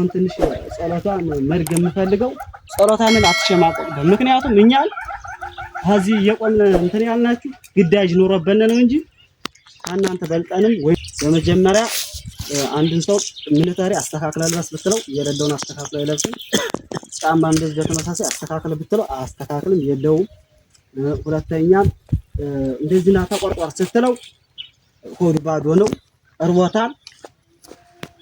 አሁን ትንሽ ጸሎቷን መድገ የምፈልገው ጸሎታንን አትሸማቀቅ። ምክንያቱም እኛን ከዚህ እየቆምን እንትን ያልናችሁ ግዳጅ ኖሮበን ነው እንጂ ከእናንተ በልጠንም ወይ በመጀመሪያ አንድን ሰው ሚሊታሪ አስተካክለ ልበስ ብትለው የሌለውን አስተካክለ ይለብስም። ጫማ እንደዚህ በተመሳሳይ አስተካክለ ብትለው አስተካክልም የለውም። ሁለተኛ እንደዚህና ና ተቆርቋር ስትለው ሆዱ ባዶ ነው፣ እርቦታል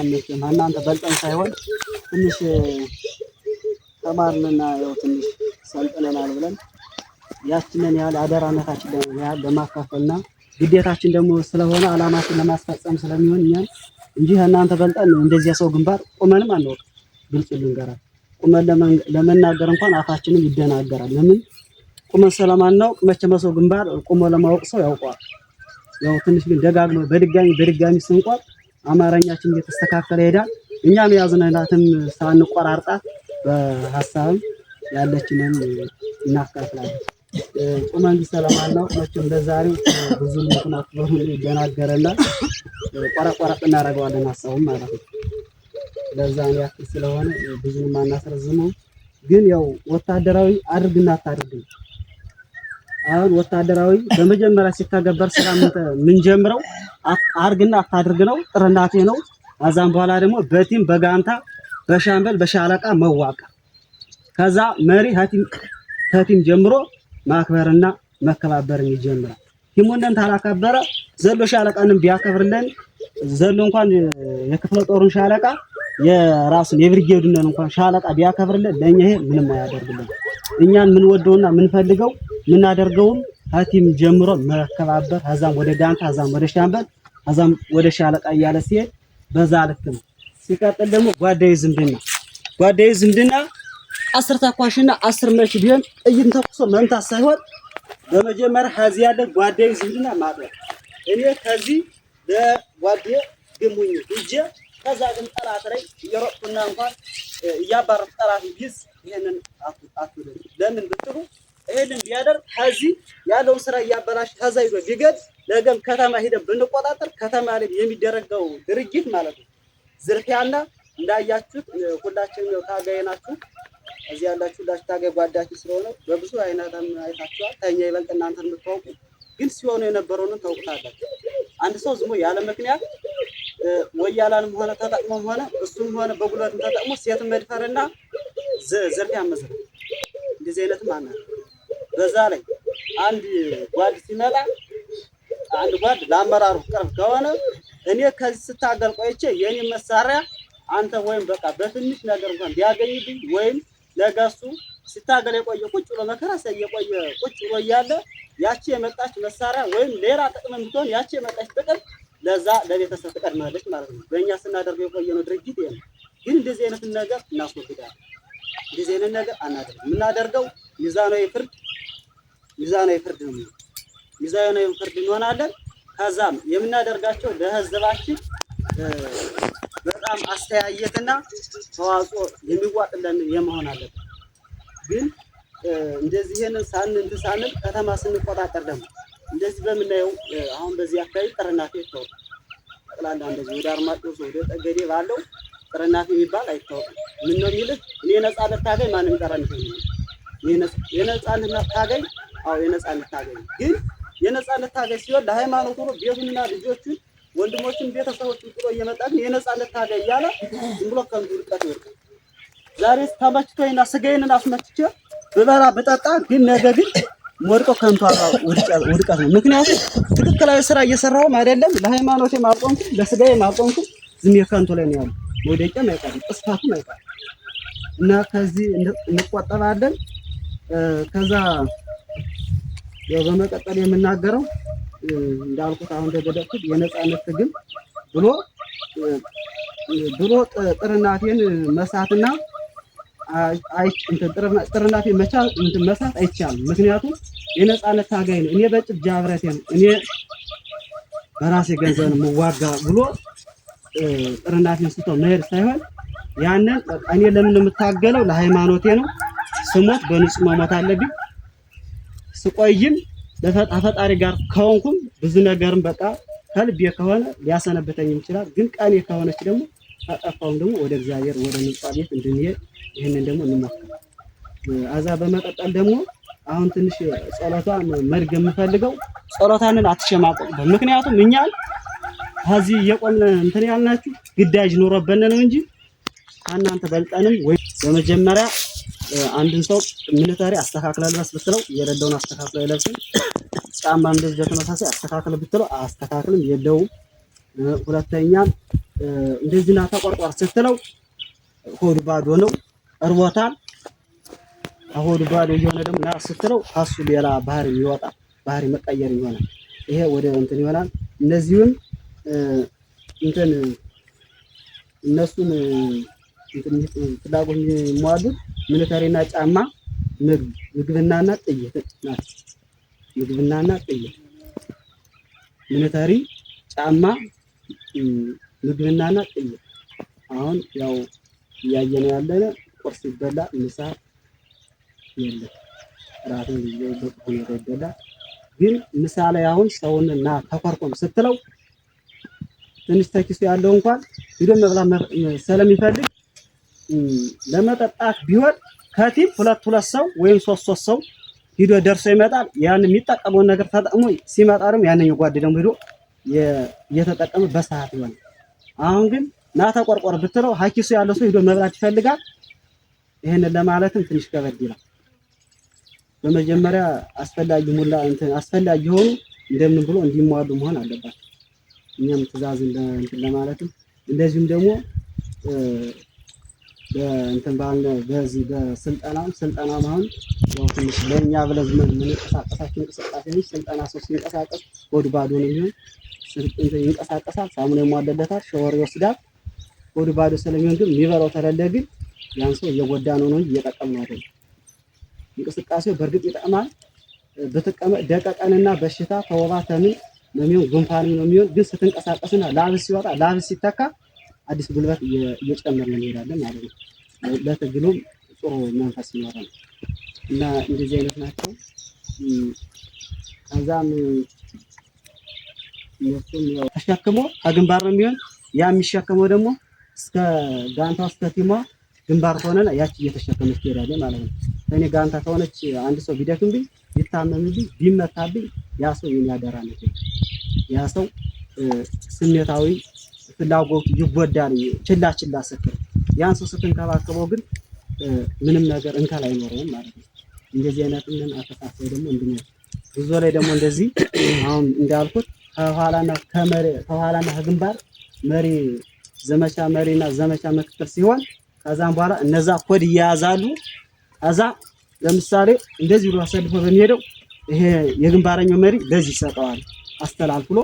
አንችም እናንተ በልጠን ሳይሆን ትንሽ ተማርንና ያው ትንሽ ሰልጥነናል ብለን ያችንን ያህል አደራነታችን ያህል ለማካፈልና ግዴታችን ደግሞ ስለሆነ አላማችን ለማስፈጸም ስለሚሆን እኛን እንጂ እናንተ በልጠን እንደዚያ ሰው ግንባር ቁመንም አንወቅ። ግልጽ ልንገራል፣ ቁመን ለመናገር እንኳን አፋችንም ይደናገራል። ለምን ቁመን ስለማናውቅ። መቼም ሰው ግንባር ቁሞ ለማወቅ ሰው ያውቋል። ያው ትንሽ ግን ደጋግመ በድጋሚ በድጋሚ ስንቋል አማርኛችን እየተስተካከለ ይሄዳል። እኛም ያዝነናትም ሳንቆራርጣት በሀሳብም ያለችንን እናካፍላለን። ቁመንጊ ሰለማን ነው መቼም ለዛሬው ብዙ ምክንያት ምክንያቱም ይደናገረና ቆረቆረጥ እናደርገዋለን ሀሳቡም ማለት ነው። ለዛ ያክል ስለሆነ ብዙ ማናስረዝመው ግን ያው ወታደራዊ አድርግና አታድርግ አሁን ወታደራዊ በመጀመሪያ ሲተገበር ስራ ጀምረው አርግና አታድርግ ነው፣ ጥርናቴ ነው። ከዛም በኋላ ደግሞ በቲም በጋንታ በሻምበል በሻለቃ መዋቀር፣ ከዛ መሪ ከቲም ጀምሮ ማክበርና መከባበርን ይጀምራል። ቲሙንን ታላከበረ ዘሎ ሻለቃንም ቢያከብርልን ዘሎ እንኳን የክፍለ ጦሩን ሻለቃ የራሱን የብርጌዱን እንኳን ሻለቃ ቢያከብርልን ለኛ ይሄ ምንም አያደርግልን። እኛን የምንወደውና የምንፈልገው የምናደርገውም ሀቲም ጀምሮ መከባበር፣ ከዛም ወደ ጋንታ፣ ከዛም ወደ ሻምበል፣ ከዛም ወደ ሻለቃ እያለ ሲሄድ በዛ ልክ ነው። ሲቀጥል ደግሞ ጓዳዊ ዝምድና ጓዳዊ ዝምድና አስር ተኳሽና አስር መች ቢሆን ጥይት ተኩሶ መምታት ሳይሆን በመጀመሪያ ከዚህ ያለ ጓዳዊ ዝምድና ማጥራት እኔ ከዚህ ለጓዴ ግሙኝ እጄ ከዛ ግን ጠላት ላይ እየሮጥኩና እንኳን እያባረፍ ጠላት ቢዝ ይህንን አትሉ ለምን ብትሉ ይሄንን ቢያደርግ ከዚህ ያለው ስራ እያበላሽ ከዛ ይዞ ቢገድ ነገም ከተማ ሄደን ብንቆጣጠር ከተማ ላይ የሚደረገው ድርጊት ማለት ነው ዝርፊያና እንዳያችሁት ሁላችንም ነው ታጋይ ናችሁ። እዚህ ያላችሁ ሁላችሁ ታጋይ ጓዳችሁ ስለሆነ በብዙ አይነት አይታችኋል። ተኛ ይበልጥ እናንተን የምታውቁ ግን ሲሆኑ የነበረውን ታውቁታላችሁ። አንድ ሰው ዝሞ ያለ ምክንያት ወያላንም ሆነ ተጠቅሞም ሆነ እሱም ሆነ በጉልበትም ተጠቅሞ ሴትን መድፈርና ዝርፊያ መዝረፍ እንደዚህ አይነትም አናል በዛ ላይ አንድ ጓድ ሲመጣ አንድ ጓድ ለአመራሩ ቅርብ ከሆነ እኔ ከዚህ ስታገል ቆይቼ የኔ መሳሪያ አንተ ወይም በቃ በትንሽ ነገር እንኳን ቢያገኝብኝ ወይም ለጋሱ ስታገል የቆየ ቁጭ ብሎ መከራ የቆየ ቁጭ ብሎ እያለ ያቺ የመጣች መሳሪያ ወይም ሌላ ጥቅም ብትሆን ያቺ የመጣች ጥቅም ለዛ ለቤተሰብ ትቀድማለች ማለት ነው። በእኛ ስናደርገው የቆየነው ድርጊት ይሄ ነው። ግን እንደዚህ አይነትን ነገር እናስወግዳለን። እንደዚህ አይነት ነገር አናደርግም። የምናደርገው ሚዛናዊ ፍርድ ሚዛናዊ ፍርድ ነው። ሚዛናዊ ፍርድ እንሆናለን። ከዛም የምናደርጋቸው ለህዝባችን በጣም አስተያየትና ተዋጽኦ የሚዋጥለን የመሆን አለበት። ግን እንደዚህ ይሄንን ሳን ሳንል ከተማ ስንቆጣጠር ደግሞ እንደዚህ በምናየው አሁን በዚህ አካባቢ ጥርናፌ ይተወ ጠቅላላ እንደዚህ ወደ ወደ ጠገዴ ባለው ቅርናት የሚባል አይታወቅም። ምን ነው የሚልህ? እኔ ነፃነት ታገኝ ማንም ቀረ የነፃነት ታገኝ። አዎ የነፃነት ታገኝ ግን የነፃነት ታገኝ ሲሆን ለሃይማኖት ሆኖ ቤቱንና ልጆቹን ወንድሞችን ቤተሰቦችን ጥሎ እየመጣ ግን የነፃነት ታገኝ እያለ ዝም ብሎ ከንቱ ርቀት ይወርቃል። ዛሬ ተመችቶኝና ስጋዬንን አስመችቼ ብበላ ብጠጣ ግን ነገ ግን ወድቆ ከንቱ ውድቀት ነው። ምክንያቱም ትክክላዊ ስራ እየሰራሁም አይደለም፣ ለሃይማኖቴም አልቆምኩም፣ ለስጋዬም አልቆምኩም። ዝም የከንቱ ላይ ነው ያሉ መውደቂያም አይቀርም፣ ጥፋቱም አይቀርም እና ከዚህ እንቆጠባለን። ከዛ ያው በመቀጠል የምናገረው እንዳልኩት አሁን እንደገለጽኩት የነፃነት ትግል ብሎ ብሎ ጥርናቴን መሳትና ጥርናቴን መቻል መሳት አይቻልም። ምክንያቱም የነፃነት ታጋይ ነው እኔ በጭብጃ ብረቴ ነው እኔ በራሴ ገንዘብ የምዋጋ ብሎ ጥርናት ስቶ መሄድ ሳይሆን ያንን እኔ ለምን የምታገለው ለሃይማኖቴ ነው። ስሞት በንጹህ መሞት አለብኝ። ስቆይም ለፈጣሪ ጋር ከሆንኩም ብዙ ነገርም በቃ ከልቤ ከሆነ ሊያሰነበተኝም ይችላል። ግን ቀኔ ከሆነች ደግሞ ከጠፋውም ደግሞ ወደ እግዚአብሔር ወደ ንጹህ ቤት እንድንሄድ ይህንን ደግሞ እንሞክር። አዛ በመቀጠል ደግሞ አሁን ትንሽ ጸሎቷን መድገም የምፈልገው ጸሎታንን አትሸማቀቁበት። ምክንያቱም እኛን ከዚህ እየቆን እንትን ያልናችሁ ግዳጅ ኖሮበን ነው እንጂ ከእናንተ በልጠንም ወይ በመጀመሪያ አንድን ሰው ሚሊታሪ አስተካክለ ልበስ ብትለው የሌለውን አስተካክለ አይለብስም። ጫማ እንደዚህ በተመሳሳይ አስተካክለ ብትለው አስተካክልም የለውም። ሁለተኛ እንደዚህ ና ተቆርቋር ስትለው ሆድ ባዶ ነው እርቦታል። ከሆድ ባዶ እየሆነ ደግሞ ና ስትለው ከሱ ሌላ ባህሪ ይወጣል፣ ባህሪ መቀየር ይሆናል። ይሄ ወደ እንትን ይሆናል። እነዚህም እንትን እነሱን ፍላጎት የሚሟሉት ሚሊተሪና ጫማ፣ ምግብ ምግብናና ጥይት ናት። ምግብናና ጥይት ሚሊተሪ ጫማ፣ ምግብናና ጥይት። አሁን ያው እያየነው ያለነ ቁርስ ይበላ ምሳ የለም። ራትን ልጅ በቁ ይበላ ግን ምሳ ላይ አሁን ሰውንና ና ተኮርኮም ስትለው ትንሽ ተኪሱ ያለው እንኳን ሂዶ መብላት ስለሚፈልግ ለመጠጣት ቢሆን ከቲም ሁለት ሁለት ሰው ወይም ሶስት ሶስት ሰው ሂዶ ደርሶ ይመጣል። ያን የሚጠቀመውን ነገር ተጠቅሞ ሲመጣ ደግሞ ያንኛው ጓድ ደግሞ ሂዶ እየተጠቀመ በሰዓት ይሆናል። አሁን ግን ና ተቆርቆር ብትለው ሀኪሱ ያለው ሰው ሂዶ መብላት ይፈልጋል። ይህንን ለማለትም ትንሽ ከበድ ይላል። በመጀመሪያ አስፈላጊ ሙላ እንትን አስፈላጊ የሆኑ እንደምን ብሎ እንዲሟሉ መሆን አለባቸው። እኛም ትእዛዝ እንትን ለማለትም እንደዚሁም ደግሞ እንትን ባለ በዚህ በስልጠና ስልጠና አሁን ያው ትንሽ ለእኛ ብለን የምንቀሳቀሳቸው እንቅስቃሴዎች ስልጠና ሰው ሲንቀሳቀስ ሆድ ባዶ ነው የሚሆን። ይንቀሳቀሳል፣ ሳሙና ይሟለለታል፣ ሸወር ይወስዳል። ሆድ ባዶ ስለሚሆን ግን የሚበላው ተለለ ግን ያን ሰው እየጎዳ ነው ነው እየጠቀም ነው አይደለም። እንቅስቃሴው በእርግጥ ይጠቅማል። ብትቀመጥ ደቀቀንና በሽታ ተወባ ተምን ነው የሚሆን፣ ጉንፋን ነው የሚሆን። ግን ስትንቀሳቀስና ላብስ ሲወጣ ላብስ ሲተካ አዲስ ጉልበት እየጨመርን እንሄዳለን ማለት ነው። ለትግሉም ጥሩ መንፈስ ይኖራል እና እንደዚህ አይነት ናቸው። ከዛም ተሸክሞ ከግንባር ነው የሚሆን ያ የሚሸከመው ደግሞ እስከ ጋንታ እስከ ቲሟ ግንባር ከሆነና ያቺ እየተሸከመች ትሄዳለች ማለት ነው። እኔ ጋንታ ከሆነች አንድ ሰው ቢደክምብኝ ቢታመምብኝ ቢመታብኝ ያ ሰው ነው። ያ ሰው ስሜታዊ ፍላጎቱ ይጎዳል። ችላ ችላ ስትል ያን ሰው ስትንከባከበው ግን ምንም ነገር እንከል አይኖረውም ማለት ነው። እንደዚህ አይነት ምን አተሳሰብ ደግሞ እንድንል ጉዞ ላይ ደግሞ እንደዚህ አሁን እንዳልኩት ከኋላና ከመሪ ከኋላና ከግንባር መሪ ዘመቻ መሪና ዘመቻ ምክትል ሲሆን ከዛም በኋላ እነዛ ኮድ እያያዛሉ። ከዛ ለምሳሌ እንደዚህ ብሎ አሰልፎ በሚሄደው ይሄ የግንባረኛው መሪ በዚህ ይሰጠዋል። አስተላልፍሎ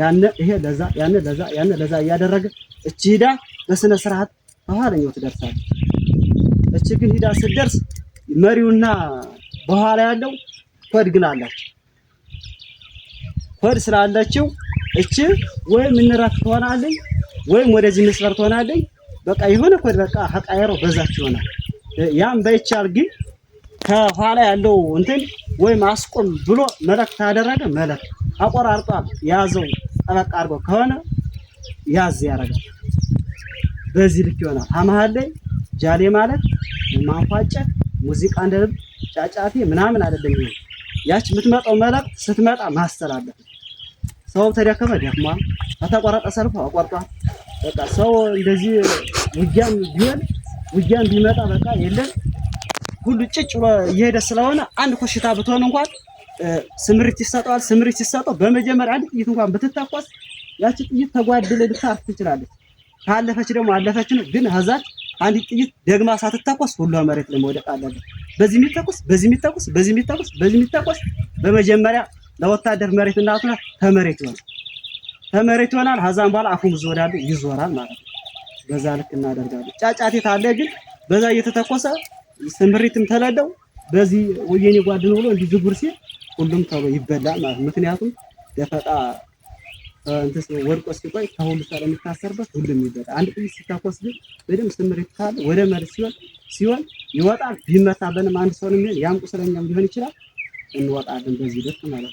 ያነ ይሄ ለዛ ያነ ለዛ ያነ ለዛ እያደረገ እቺ ሂዳ በስነ ስርዓት በኋላኛው ትደርሳለች። እቺ ግን ሂዳ ስትደርስ መሪውና በኋላ ያለው ኮድ ግን አላቸው። ኮድ ስላለችው እቺ ወይም እንረፍ ትሆናለኝ ወይም ወደዚህ መስፈር ትሆናለኝ። በቃ የሆነ ኮድ በቃ ሀቃየረው በዛች ይሆናል። ያም ባይቻል ግን ከኋላ ያለው እንትን ወይም አስቆም ብሎ መለክት ያደረገ መለክት አቆራርጧል። ያዘው ጠበቃ አድርጎ ከሆነ ያዝ ያደረገ በዚህ ልክ ይሆናል። አመሀል ላይ ጃሌ ማለት ማንፏጨት፣ ሙዚቃ እንደ ልብ ጫጫቴ ምናምን አይደለም። ይሆን ያች የምትመጣው መልእክት ስትመጣ ማስተላለፍ ሰው ተደከመ ደክማ ከተቆረጠ ሰልፎ አቆርጧል። በቃ ሰው እንደዚህ ውጊያም ቢሆን ውጊያም ቢመጣ በቃ የለም ሁሉ ጭጭ ብሎ እየሄደ ስለሆነ አንድ ኮሽታ ብትሆን እንኳን ስምሪት ይሰጠዋል። ስምሪት ሲሰጠው በመጀመሪያ አንድ ጥይት እንኳን ብትተኮስ ያቺ ጥይት ተጓድለ ልታርፍ ትችላለች። ካለፈች ደግሞ አለፈች ነው። ግን ሀዛት አንድ ጥይት ደግማ ሳትተኮስ ሁሉ መሬት ላይ መውደቅ አለበት። በዚህ የሚተኮስ በዚህ የሚተኮስ በዚህ የሚተኮስ በዚህ የሚተኮስ በመጀመሪያ ለወታደር መሬት እናቱና ተመሬት ይሆናል ተመሬት ይሆናል። ሀዛን በኋላ አፉም ብዙ ይዞራል ማለት ነው። በዛ ልክ እናደርጋለን። ጫጫቴት አለ ግን በዛ እየተተኮሰ ስምሪትም ተለለው በዚህ ወየኔ ጓድን ብሎ እንዲህ ዝጉር ሲል ሁሉም ተሎ ይበላል ማለት ነው። ምክንያቱም ደፈጣ እንትስ ወርቆ ሲቆይ ከሁሉ ስለሚታሰርበት ሁሉም ይበላል። አንድ ጥይት ሲታኮስ ግን በደምብ ስምሪት ካለ ወደ መርስ ሲሆን ሲሆን ይወጣል። ቢመታ በንም አንድ ሰውንም ነው ያም ቁስለኛም ሊሆን ይችላል። እንወጣለን በዚህ ደስ ማለት ነው።